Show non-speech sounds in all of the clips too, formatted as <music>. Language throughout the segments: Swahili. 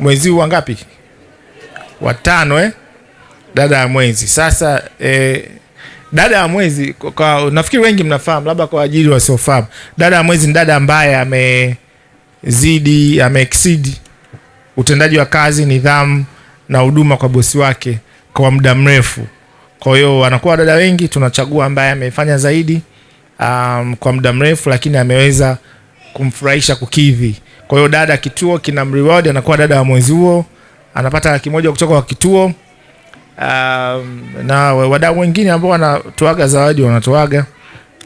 mwezi wa ngapi? Watano eh? Dada ya mwezi sasa eh, dada ya mwezi kwa, nafikiri wengi mnafahamu, labda kwa ajili wasiofahamu, dada ya mwezi ni dada ambaye amezidi ameexceed utendaji wa kazi, nidhamu na huduma kwa bosi wake kwa muda mrefu. Kwa hiyo wanakuwa dada wengi tunachagua ambaye amefanya zaidi um, kwa muda mrefu, lakini ameweza kumfurahisha kukidhi kwa hiyo dada kituo kina mreward, anakuwa dada wa mwezi huo, anapata laki moja kutoka kwa kituo. Um, na wadau wengine ambao wanatoaga zawadi wanatoaga,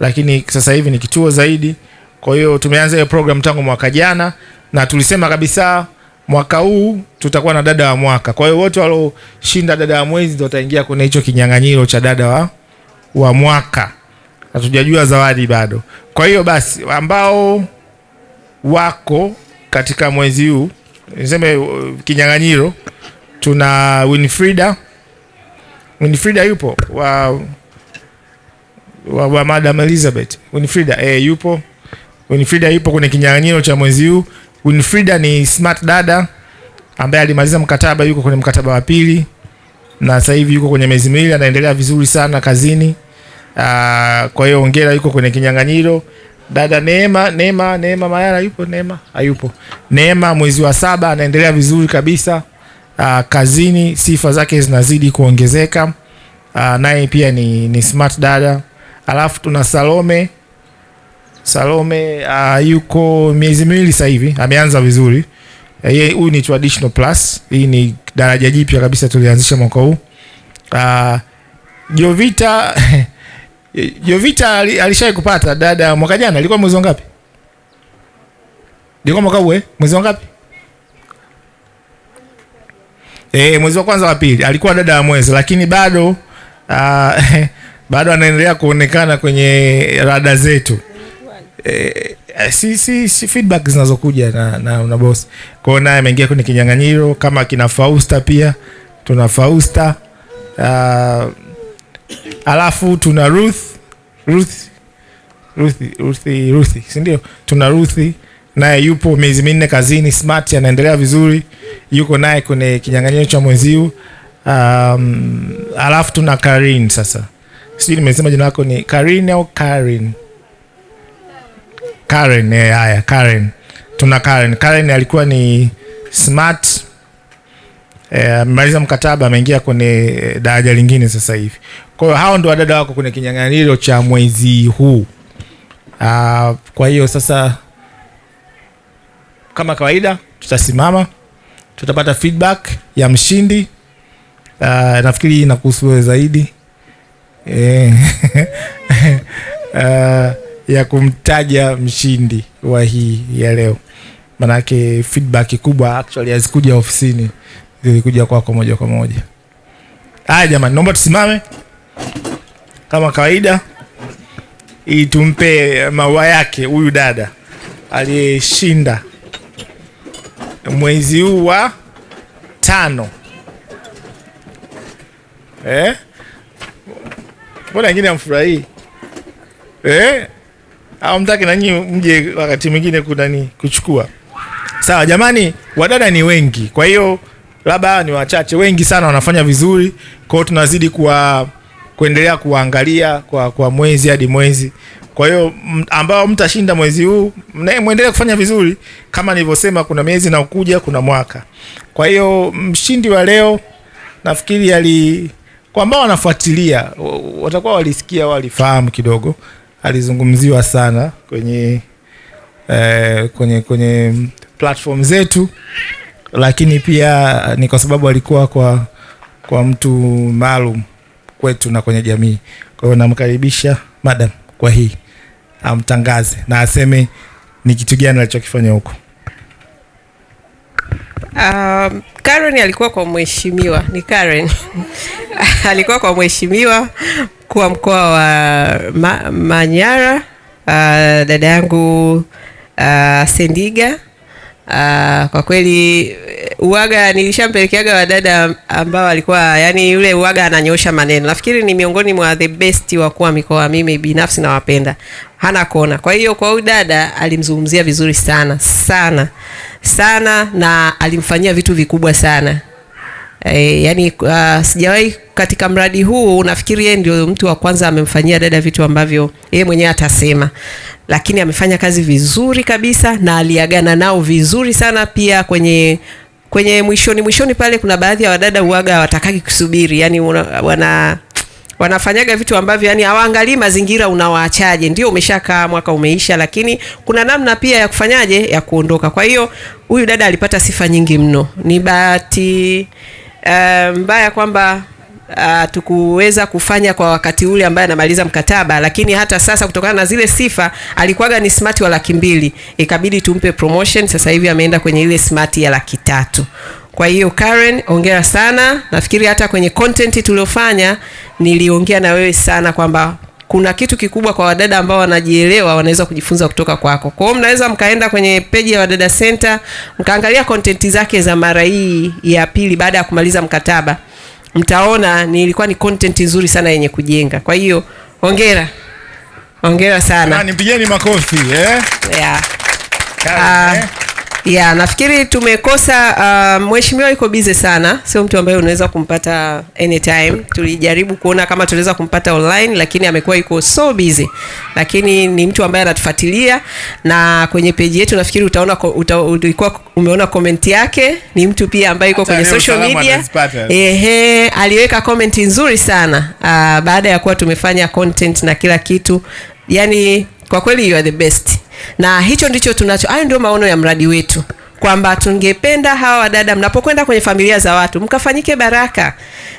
lakini sasa hivi ni kituo zaidi. Kwa hiyo tumeanza hiyo program tangu mwaka jana, na tulisema kabisa mwaka huu tutakuwa na dada wa mwaka. Kwa hiyo wote walioshinda dada wa mwezi ndio wataingia kwenye hicho kinyang'anyiro cha dada wa, wa mwaka. Hatujajua zawadi bado. Kwa hiyo basi ambao wako katika mwezi huu niseme uh, kinyang'anyiro tuna Winfrida. Winfrida yupo wa, wa, wa Madam Elizabeth Winfrida eh, yupo Winfrida yupo kwenye kinyang'anyiro cha mwezi huu. Winfrida ni smart dada ambaye alimaliza mkataba, yuko kwenye mkataba wa pili na sasa hivi yuko kwenye miezi miwili, anaendelea vizuri sana kazini. Aa, ah, kwa hiyo ongera, yuko kwenye kinyang'anyiro dada Neema, Neema, Neema Mayara yupo? Neema hayupo. Neema mwezi wa saba anaendelea vizuri kabisa aa, ah, kazini sifa zake zinazidi kuongezeka, ah, naye pia ni, ni smart dada. Alafu tuna Salome Salome aa, ah, yuko miezi miwili sasa hivi ameanza vizuri. Yeye eh, huyu ni traditional plus, hii ni daraja jipya kabisa tulianzisha mwaka huu. Jovita <laughs> Jovita alishai kupata dada mwaka jana, alikuwa mwezi wangapi? Ilikuwa mwaka uwe eh? mwezi wangapi? Eh, mwezi wa kwanza wa pili alikuwa dada wa mwezi, lakini bado uh, <laughs> bado anaendelea kuonekana kwenye rada zetu eh, si, si, si feedback zinazokuja na, na, na boss kwao, naye ameingia kwenye kinyang'anyiro kama kina Fausta. Pia tuna Fausta uh, alafu tuna Ruth, Ruth, Ruth, Ruth, Ruth, si ndio? Tuna Ruth naye yupo miezi minne kazini, smart, anaendelea vizuri, yuko naye kwenye kinyang'anyiro cha huu. Um, alafu tuna Karin sasa, sijui nimesema jina lako ni Karin au Karin? Karen. Eh, haya, Karen, tuna Karen. Karen alikuwa ni smart eh, amemaliza eh, mkataba ameingia kwenye eh, daraja lingine sasa hivi. Kwa hiyo hao ndo wadada wako kwenye kinyang'anyiro cha mwezi huu. Uh, kwa hiyo sasa kama kawaida tutasimama, tutapata feedback ya mshindi. Uh, nafikiri inakuhusu wewe zaidi e, uh, <laughs> ya kumtaja mshindi wa hii ya leo, manake feedback kubwa actually hazikuja ofisini, zilikuja kwako moja kwa moja. Haya jamani, naomba tusimame kama kawaida, ili tumpe maua yake huyu dada aliyeshinda mwezi huu wa tano. Eh, mbona wengine amfurahii eh? Au mtaki nanyi mje wakati mwingine kunani kuchukua? Sawa jamani, wadada ni wengi, kwa hiyo labda ni wachache, wengi sana wanafanya vizuri, kwa hiyo tunazidi kuwa kuendelea kuangalia kwa, kwa mwezi hadi mwezi. Kwa hiyo ambao mtashinda mwezi huu mwendelee kufanya vizuri, kama nilivyosema, kuna miezi na ukuja, kuna mwaka. Kwa hiyo mshindi wa leo nafikiri ali kwa ambao wanafuatilia watakuwa walisikia, walifahamu kidogo, alizungumziwa sana kwenye eh, kwenye kwenye platform zetu, lakini pia ni kwa sababu alikuwa kwa kwa mtu maalum kwetu na kwenye jamii. Kwa hiyo namkaribisha madam kwa hii amtangaze na aseme ni kitu gani alichokifanya huko. Um, Karen alikuwa kwa mheshimiwa ni Karen <laughs> alikuwa kwa mheshimiwa mkuu wa mkoa wa ma Manyara, uh, dada yangu uh, Sendiga Ah, kwa kweli uwaga nilishampelekeaga wadada ambao alikuwa yani, yule uwaga ananyosha maneno. Nafikiri ni miongoni mwa the best wa kuwa mikoa, mimi binafsi nawapenda, hana kona. Kwa hiyo kwa huyu dada alimzungumzia vizuri sana sana sana, na alimfanyia vitu vikubwa sana. E, yani uh, sijawahi katika mradi huu. Nafikiri yeye ndio mtu wa kwanza amemfanyia dada vitu ambavyo yeye mwenyewe atasema, lakini amefanya kazi vizuri kabisa na aliagana nao vizuri sana pia kwenye kwenye mwishoni mwishoni pale, kuna baadhi ya wadada uaga watakaki kusubiri, yani wana wanafanyaga vitu ambavyo yani hawaangalii mazingira unawaachaje. Ndio umeshakaa mwaka umeisha, lakini kuna namna pia ya kufanyaje ya kuondoka. Kwa hiyo huyu dada alipata sifa nyingi mno, ni bahati Eh, mbaya kwamba Uh, eh, tukuweza kufanya kwa wakati ule ambaye anamaliza mkataba, lakini hata sasa kutokana na zile sifa alikuwaga ni smart wa laki mbili, ikabidi tumpe promotion. Sasa hivi ameenda kwenye ile smart ya laki tatu. Kwa hiyo Karen, ongera sana. Nafikiri hata kwenye content tuliofanya niliongea na wewe sana kwamba kuna kitu kikubwa kwa wadada ambao wanajielewa wanaweza kujifunza kutoka kwako. Kwa hiyo mnaweza mkaenda kwenye peji ya Wadada Center mkaangalia kontenti zake za mara hii ya pili baada ya kumaliza mkataba, mtaona ni ilikuwa ni kontenti nzuri sana yenye kujenga. Kwa hiyo hongera, hongera sana, nipigeni makofi eh? yeah. Kale, uh, ah, eh? Yeah, nafikiri tumekosa uh, mheshimiwa yuko busy sana, sio mtu ambaye unaweza kumpata anytime. Tulijaribu kuona kama tunaweza kumpata online, lakini amekuwa yuko so busy, lakini ni mtu ambaye anatufuatilia na kwenye peji yetu nafikiri utaona uta, ulikuwa umeona comment yake. Ni mtu pia ambaye yuko kwenye social media. Ehe, aliweka comment nzuri sana uh, baada ya kuwa tumefanya content na kila kitu, yani kwa kweli you are the best na hicho ndicho tunacho. Hayo ndio maono ya mradi wetu kwamba tungependa hawa wadada mnapokwenda kwenye familia za watu mkafanyike baraka.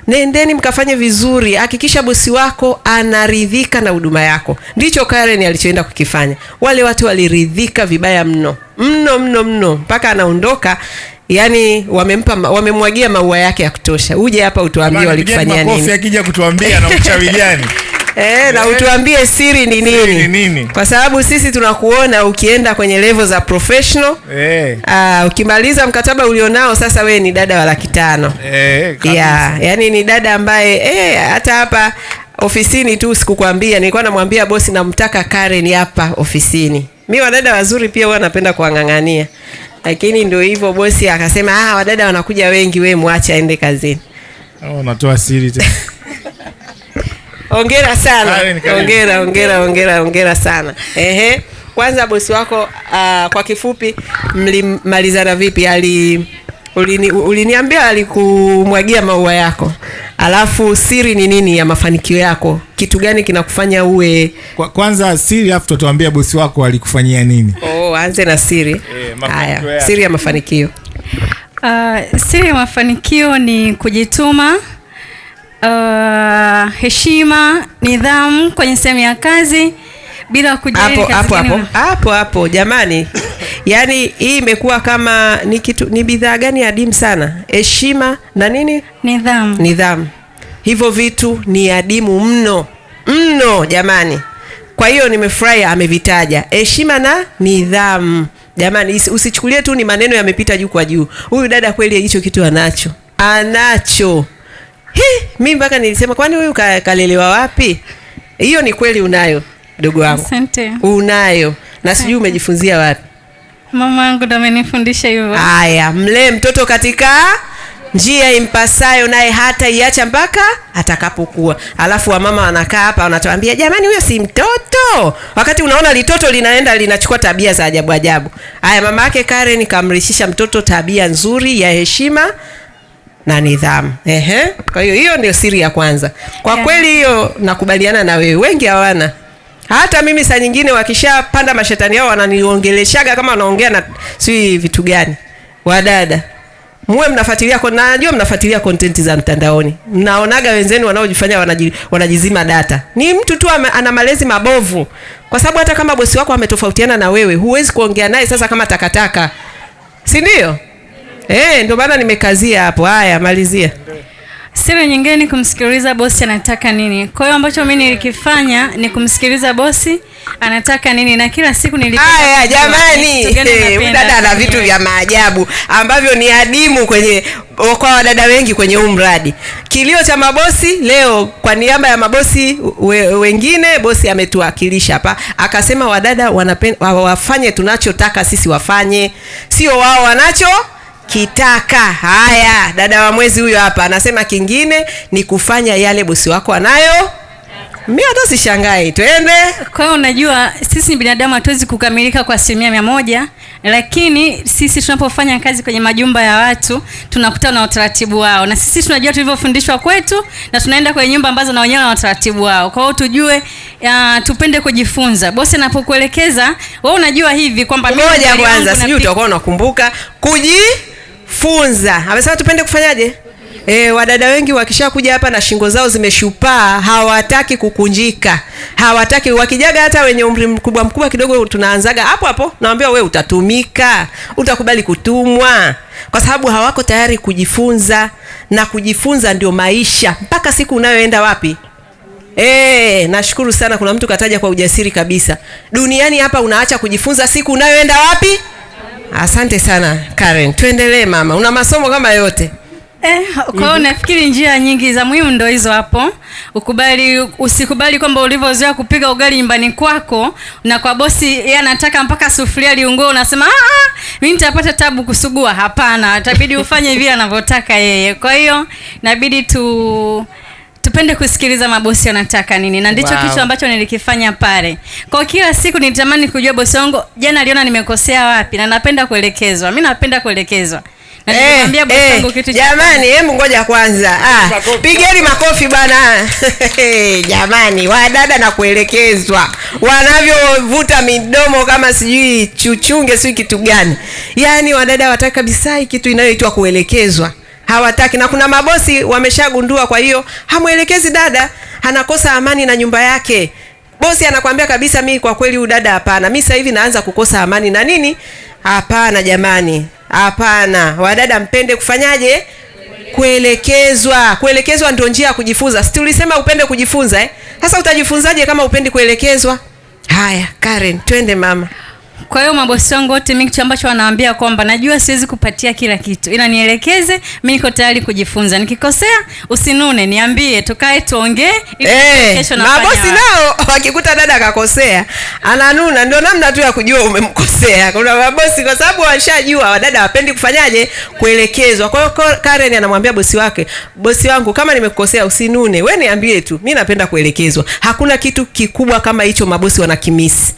Nendeni mkafanye vizuri, hakikisha bosi wako anaridhika na huduma yako. Ndicho Karen alichoenda kukifanya. Wale watu waliridhika vibaya mno mno mno mno, mpaka anaondoka Yaani wamempa wamemwagia maua yake ya kutosha. Uje hapa utuambie walikufanyia nini. Akija kutuambia na <laughs> mchawi gani? eh, na utuambie siri ni nini? nini kwa sababu sisi tunakuona ukienda kwenye levo za professional eh. Uh, ukimaliza mkataba ulionao sasa, wewe ni dada wa laki tano eh, yeah, yani ni dada ambaye eh, hata hapa ofisini tu sikukwambia, nilikuwa namwambia bosi namtaka Karen hapa ofisini. Mi wadada wazuri pia huwa napenda kuwang'ang'ania, lakini ndio hivyo, bosi akasema ah, wadada wanakuja wengi, we mwache aende kazini. Oh, natoa siri <laughs> Hongera sana, hongera, hongera, hongera, hongera sana. Ehe, kwanza bosi wako uh, kwa kifupi mlimalizana vipi? ali ulini, alikumwagia maua yako, alafu siri ni nini ya mafanikio yako? Kitu gani kinakufanya uwe kwa, kwanza siri, alafu tutatuambia bosi wako alikufanyia nini. Oh, anze na siri. Eh, Haya, siri ya mafanikio uh, siri ya mafanikio ni kujituma uh, heshima, nidhamu kwenye sehemu ya kazi bila kujali hapo hapo hapo hapo hapo. Jamani, <laughs> yani hii imekuwa kama ni kitu ni bidhaa gani adimu sana? Heshima na nini, nidhamu, nidhamu, hivyo vitu ni adimu mno mno, jamani. Kwa hiyo nimefurahi amevitaja heshima na nidhamu. Jamani, usichukulie tu ni maneno yamepita juu kwa juu. Huyu dada kweli hicho kitu anacho, anacho mi mpaka nilisema kwani huyu kalelewa wapi? Hiyo ni kweli, unayo dogo wangu, unayo na sijui umejifunzia wapi. Mama yangu ndo amenifundisha hivyo. Haya, mlee mtoto katika njia impasayo, naye hata iacha mpaka atakapokuwa. Alafu wamama wanakaa hapa wanatuambia, jamani, huyo si mtoto, wakati unaona litoto linaenda linachukua tabia za ajabu ajabu. Haya, mama yake Karen kamrishisha mtoto tabia nzuri ya heshima na nidhamu. Ehe, kwa hiyo hiyo ndio siri ya kwanza kwa yeah. Kweli hiyo nakubaliana na wewe, wengi hawana hata mimi saa nyingine wakishapanda mashetani yao wananiongeleshaga kama wanaongea na si vitu gani. Wadada muwe mnafuatilia kwa, najua mnafuatilia kontenti za mtandaoni, mnaonaga wenzenu wanaojifanya wanaji, wanajizima data. Ni mtu tu ana malezi mabovu, kwa sababu hata kama bosi wako ametofautiana na wewe huwezi kuongea naye sasa kama takataka, si ndio? Eh, ndio maana nimekazia hapo. Haya, malizia. Siri nyingine ni kumsikiliza bosi anataka nini. Kwa hiyo ambacho mimi nilikifanya ni kumsikiliza bosi anataka nini, na kila siku nilipenda. Haya jamani, eh, dada ana vitu vya maajabu ambavyo ni adimu kwenye kwa wadada wengi kwenye huu mradi. Kilio cha mabosi leo, kwa niaba ya mabosi we, wengine, bosi ametuwakilisha hapa akasema wadada wanapen, wafanye tunachotaka sisi wafanye, sio wao wanacho kitaka. Haya, dada wa mwezi huyo hapa anasema kingine ni kufanya yale bosi wako anayo mi hata sishangai, twende. Kwa hiyo unajua, sisi ni binadamu, hatuwezi kukamilika kwa asilimia mia moja, lakini sisi tunapofanya kazi kwenye majumba ya watu tunakuta na utaratibu wao, na sisi tunajua tulivyofundishwa kwetu, na tunaenda kwenye nyumba ambazo na wenyewe na utaratibu wao. Kwa hiyo tujue, uh, tupende kujifunza. Bosi anapokuelekeza wewe, unajua hivi kwamba moja kwanza, sijui utakuwa unakumbuka kuji kujifunza. Amesema tupende kufanyaje? E, wadada wengi wakishakuja hapa na shingo zao zimeshupaa, hawataki kukunjika, hawataki wakijaga. Hata wenye umri mkubwa mkubwa kidogo tunaanzaga hapo hapo, naambia we utatumika, utakubali kutumwa, kwa sababu hawako tayari kujifunza, na kujifunza ndio maisha mpaka siku unayoenda wapi. E, nashukuru sana, kuna mtu kataja kwa ujasiri kabisa, duniani hapa unaacha kujifunza siku unayoenda wapi Asante sana Karen, tuendelee mama, una masomo kama yote eh. Kwa hiyo nafikiri njia nyingi za muhimu ndio hizo hapo, ukubali usikubali kwamba ulivyozoea kupiga ugali nyumbani kwako na kwa bosi yeye anataka mpaka sufuria liungue, unasema ah, ah mimi nitapata tabu kusugua. Hapana, itabidi ufanye vile anavyotaka yeye. Kwa hiyo inabidi tu Tupende kusikiliza mabosi anataka nini, na ndicho wow, kitu ambacho nilikifanya pale. Kwa kila siku nitamani kujua bosi wangu jana aliona nimekosea wapi, na napenda kuelekezwa. Mimi napenda kuelekezwa. Na hey, eh, eh, hey, kitu jamani, hebu ngoja kwanza. Ah, Pigeni makofi bana. <laughs> Eh, jamani, wadada na kuelekezwa wanavyovuta midomo kama sijui chuchunge, sijui kitu gani. Yaani wadada wataka kabisa kitu inayoitwa kuelekezwa hawataki, na kuna mabosi wameshagundua. Kwa hiyo hamwelekezi dada, anakosa amani na nyumba yake. Bosi anakwambia kabisa, mi kwa kweli huyu dada hapana, mi sasa hivi naanza kukosa amani na nini. Hapana jamani, hapana. Wadada mpende kufanyaje? Kuelekezwa. Kuelekezwa ndio njia ya kujifunza. Si tulisema upende kujifunza eh? Sasa utajifunzaje kama upendi kuelekezwa? Haya, Karen, twende mama. Kwa hiyo mabosi wangu wote, mimi kitu ambacho wanaambia kwamba najua siwezi kupatia kila kitu, ila nielekeze, mimi niko tayari kujifunza. Nikikosea usinune, niambie, tukae tuongee ili hey, eh, kesho na mabosi nao wakikuta dada akakosea ananuna, ndio namna tu ya kujua umemkosea. Kuna mabosi kwa sababu washajua wadada wapendi kufanyaje, kuelekezwa. Kwa hiyo Karen anamwambia bosi wake, bosi wangu, kama nimekukosea usinune, we niambie tu, mimi napenda kuelekezwa. Hakuna kitu kikubwa kama hicho mabosi wanakimisi.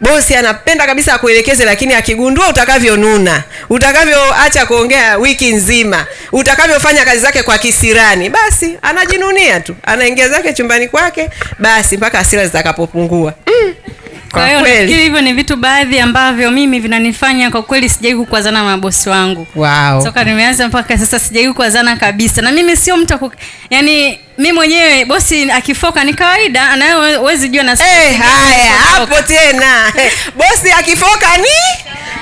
Bosi anapenda kabisa akuelekeze, lakini akigundua utakavyonuna, utakavyoacha kuongea wiki nzima, utakavyofanya kazi zake kwa kisirani, basi anajinunia tu, anaingia zake chumbani kwake, basi mpaka hasira zitakapopungua. mm. Kwa hiyo nafikiri hivyo ni vitu baadhi ambavyo mimi vinanifanya kwa kweli sijai kukwazana na mabosi wangu. Wow. Toka nimeanza mpaka sasa sijai kukwazana kabisa. Na mimi sio mtu kuk... yani mimi mwenyewe bosi akifoka ni kawaida, anayo jua na hey, eh, haya hapo tena. <laughs> bosi akifoka ni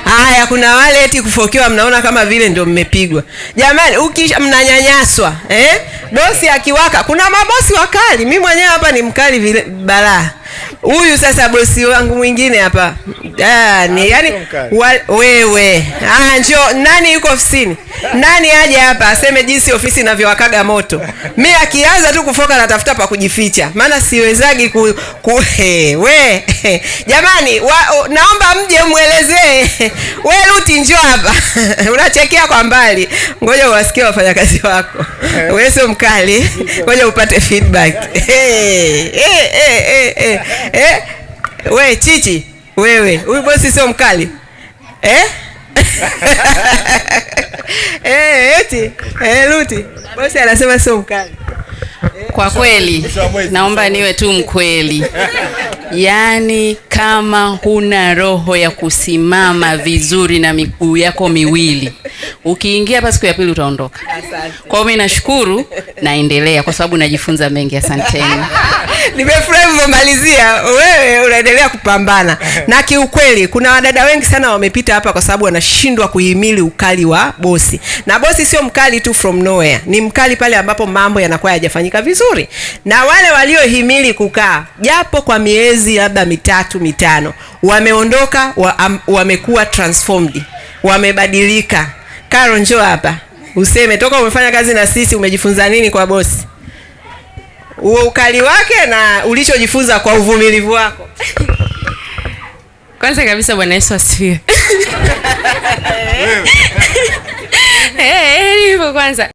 Haya, kuna wale eti kufokiwa mnaona kama vile ndio mmepigwa. Jamani, ukisha mnanyanyaswa eh? Bosi akiwaka, kuna mabosi wakali. Mimi mwenyewe hapa ni mkali vile balaa huyu sasa bosi wangu mwingine hapa ah, ni yani, wewe ah, njo nani yuko ofisini, nani aje hapa aseme jinsi ofisi inavyowakaga moto. Mi akianza tu kufoka natafuta pa kujificha, maana siwezagi ku, ku he, we Jamani wa, o, naomba mje mwelezee we Ruti, njoo hapa <laughs> unachekea kwa mbali, ngoja uwasikie wafanyakazi wako eh. wewe sio mkali, ngoja upate feedback hey, eh. eh, hey, hey, hey, hey eh? We chichi wewe, huyu bosi sio mkali eh? <laughs> eh, eti, eh, Luti bosi anasema sio mkali Kwa eh, kweli naomba niwe tu mkweli yaani kama huna roho ya kusimama vizuri na miguu yako miwili Ukiingia hapa siku ya pili utaondoka. Asante. Kwa hiyo mimi nashukuru, naendelea kwa sababu najifunza mengi. Asanteni. <laughs> Nimefurahi umemalizia wewe, unaendelea kupambana na kiukweli, kuna wadada wengi sana wamepita hapa kwa sababu wanashindwa kuhimili ukali wa bosi, na bosi sio mkali tu from nowhere, ni mkali pale ambapo mambo yanakuwa hayajafanyika vizuri. Na wale waliohimili kukaa japo kwa miezi labda mitatu mitano, wameondoka wa, wamekuwa transformed, wamebadilika. Karo, njoo hapa useme toka umefanya kazi na sisi umejifunza nini kwa bosi, huo ukali wake na ulichojifunza kwa uvumilivu wako. Kwanza kabisa, Bwana Yesu asifiwe. <laughs> Eh, eh, eh, hivyo kwanza